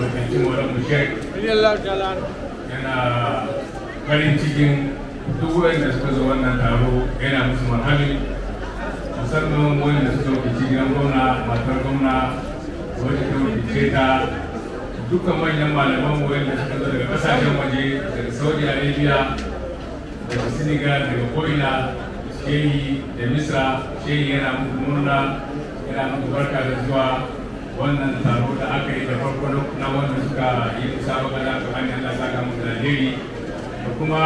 wakilci mu shek yana farin cikin duk wanda suka zo wannan taro yana musu marhami musamman wanda suka wakilci gidan gwamna matar gwamna wadda ta wakilce ta dukkan manyan malaman wanda suka zo daga kasashen waje daga saudi arabia daga senegal daga ko'ina shehi da misra shehi yana muku murna yana muku barka da zuwa wannan taro da aka yi da farko na wanda suka yi musabaka da aka hanyar da saka mu Najeri da kuma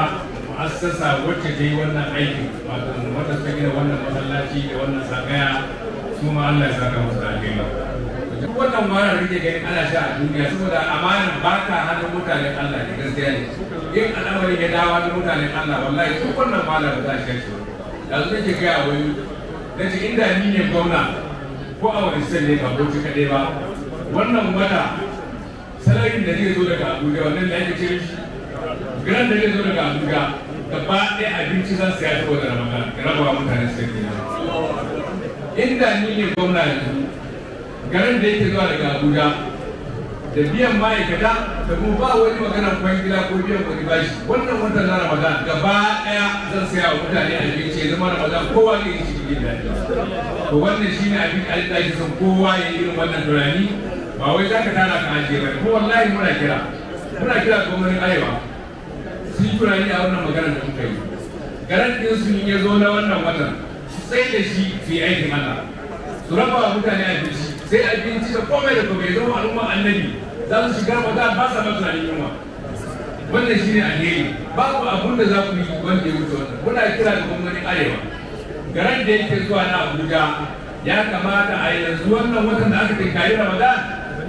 mu'assasa wacce ta yi wannan aiki wato wata ta gina wannan masallaci da wannan sakaya su ma Allah ya saka musu Najeri duk wannan mara rike ganin ana sha a duniya saboda amana ba ta hannun mutanen Allah ne gaskiya ne yin al'amari ya dawa da mutanen Allah wallahi duk wannan mara ba za a shi yanzu nake gaya wani na ce inda ni ne gwamna ko a wani shan ne ba bauchi kaɗai ba wannan wata salarin da zai zo daga abuja wannan da ake cire shi gran da zai zo daga abuja gaba ɗaya abinci za su ya ta wata ramadan rabawa mutane su kai inda ni ne gwamna yanzu garin da yake zuwa daga abuja da biyan ma'aikata da kuma ba wani yi kwangila ko biyan kuɗi bashi wannan wata na ramadan gaba ɗaya zan saya wa mutane abinci ya zama ramadan kowa ne ya cikin gida to wannan shi ne abin da Allah ya kowa ya yi irin wannan tunani ba wai za ka tara ka ajiye ba ko wallahi muna kira muna kira wani arewa sun yi tunani a wannan maganar da muka yi garan ɗin sun ya zo na wannan watan su da shi su yi aikin Allah su raba wa mutane abinci sai abinci da komai da komai zama al'umma annabi za su shiga ramadan ba sa masa ne yunwa wannan shine alheri babu abun da za ku yi wanda ya wuce wannan muna kira da gwamnatin arewa garan da yake zuwa na abuja ya kamata a yanzu wannan watan da aka tinkari ramadan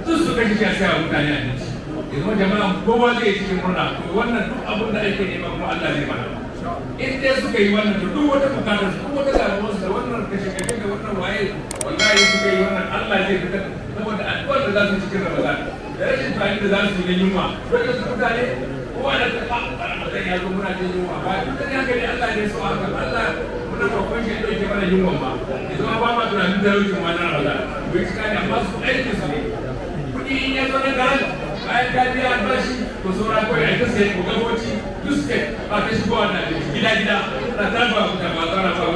duk su kashe shi a sai mutane a yanzu jama'a kowa zai cikin murna wannan duk abun da ake nema kuma allah zai mana in dai suka yi wannan duk wata bukatar su wata damuwar su da wannan kashe kashe da wannan waye wallahi suka yi wannan Allah zai fitar saboda addu'ar da za su cikin Ramadan da rashin tani da za su yi yunwa wanda su mutane kowa da ta fa a ya zo muna jin yunwa ba duk da hankali Allah ne so haka Allah muna roƙon shi da yake mana yunwa ba yanzu ba ma tunanin talaucin ma na rada bai cika ne amma su aiki su ne kuɗi in ya zo na garan bayan ka biya albashi ko saura kawai a ta sai ko gaboci duk sai ba ta shigowa na gida gida na tarba mutane ba tsara ba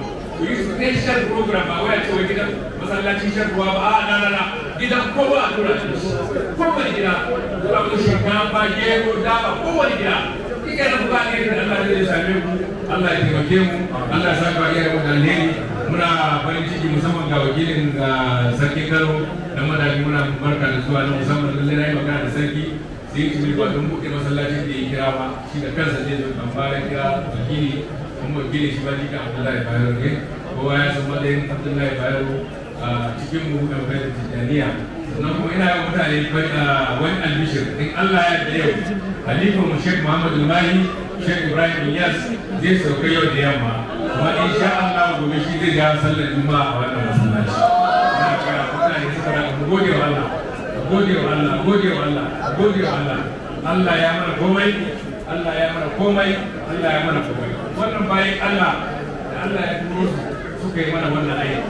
ku yi special program ba wai a ce wai gidan masallacin sharuwa ba a na na na gidan kowa a tura shi kowane gida tura mu shinkafa gero dawa kowane gida kika na buga ne da Allah zai same mu Allah ya taimake mu Allah ya sa ba gero da alheri muna farin ciki musamman ga wakilin ga sarki Kano da madani muna barka da zuwa na musamman lallai na yi magana da sarki sai ya ci ba don buɗe masallacin da ya kira ba shi da kansa zai zo kan bayan kira wakili kuma wakili shi ba bayero ne ya san matsayin bayero a cikin mu da sannan kuma ina yawan mutane wani albishir in allah ya da yau halifa mu shek muhammadu ibrahim yas zai sauka yau da yamma kuma insha allah gobe shi sallar a masallaci. Ina komai Allah ya komai Allah ya mana komai wannan bayan Allah da Allah ya turo su suka yi mana wannan ayyuka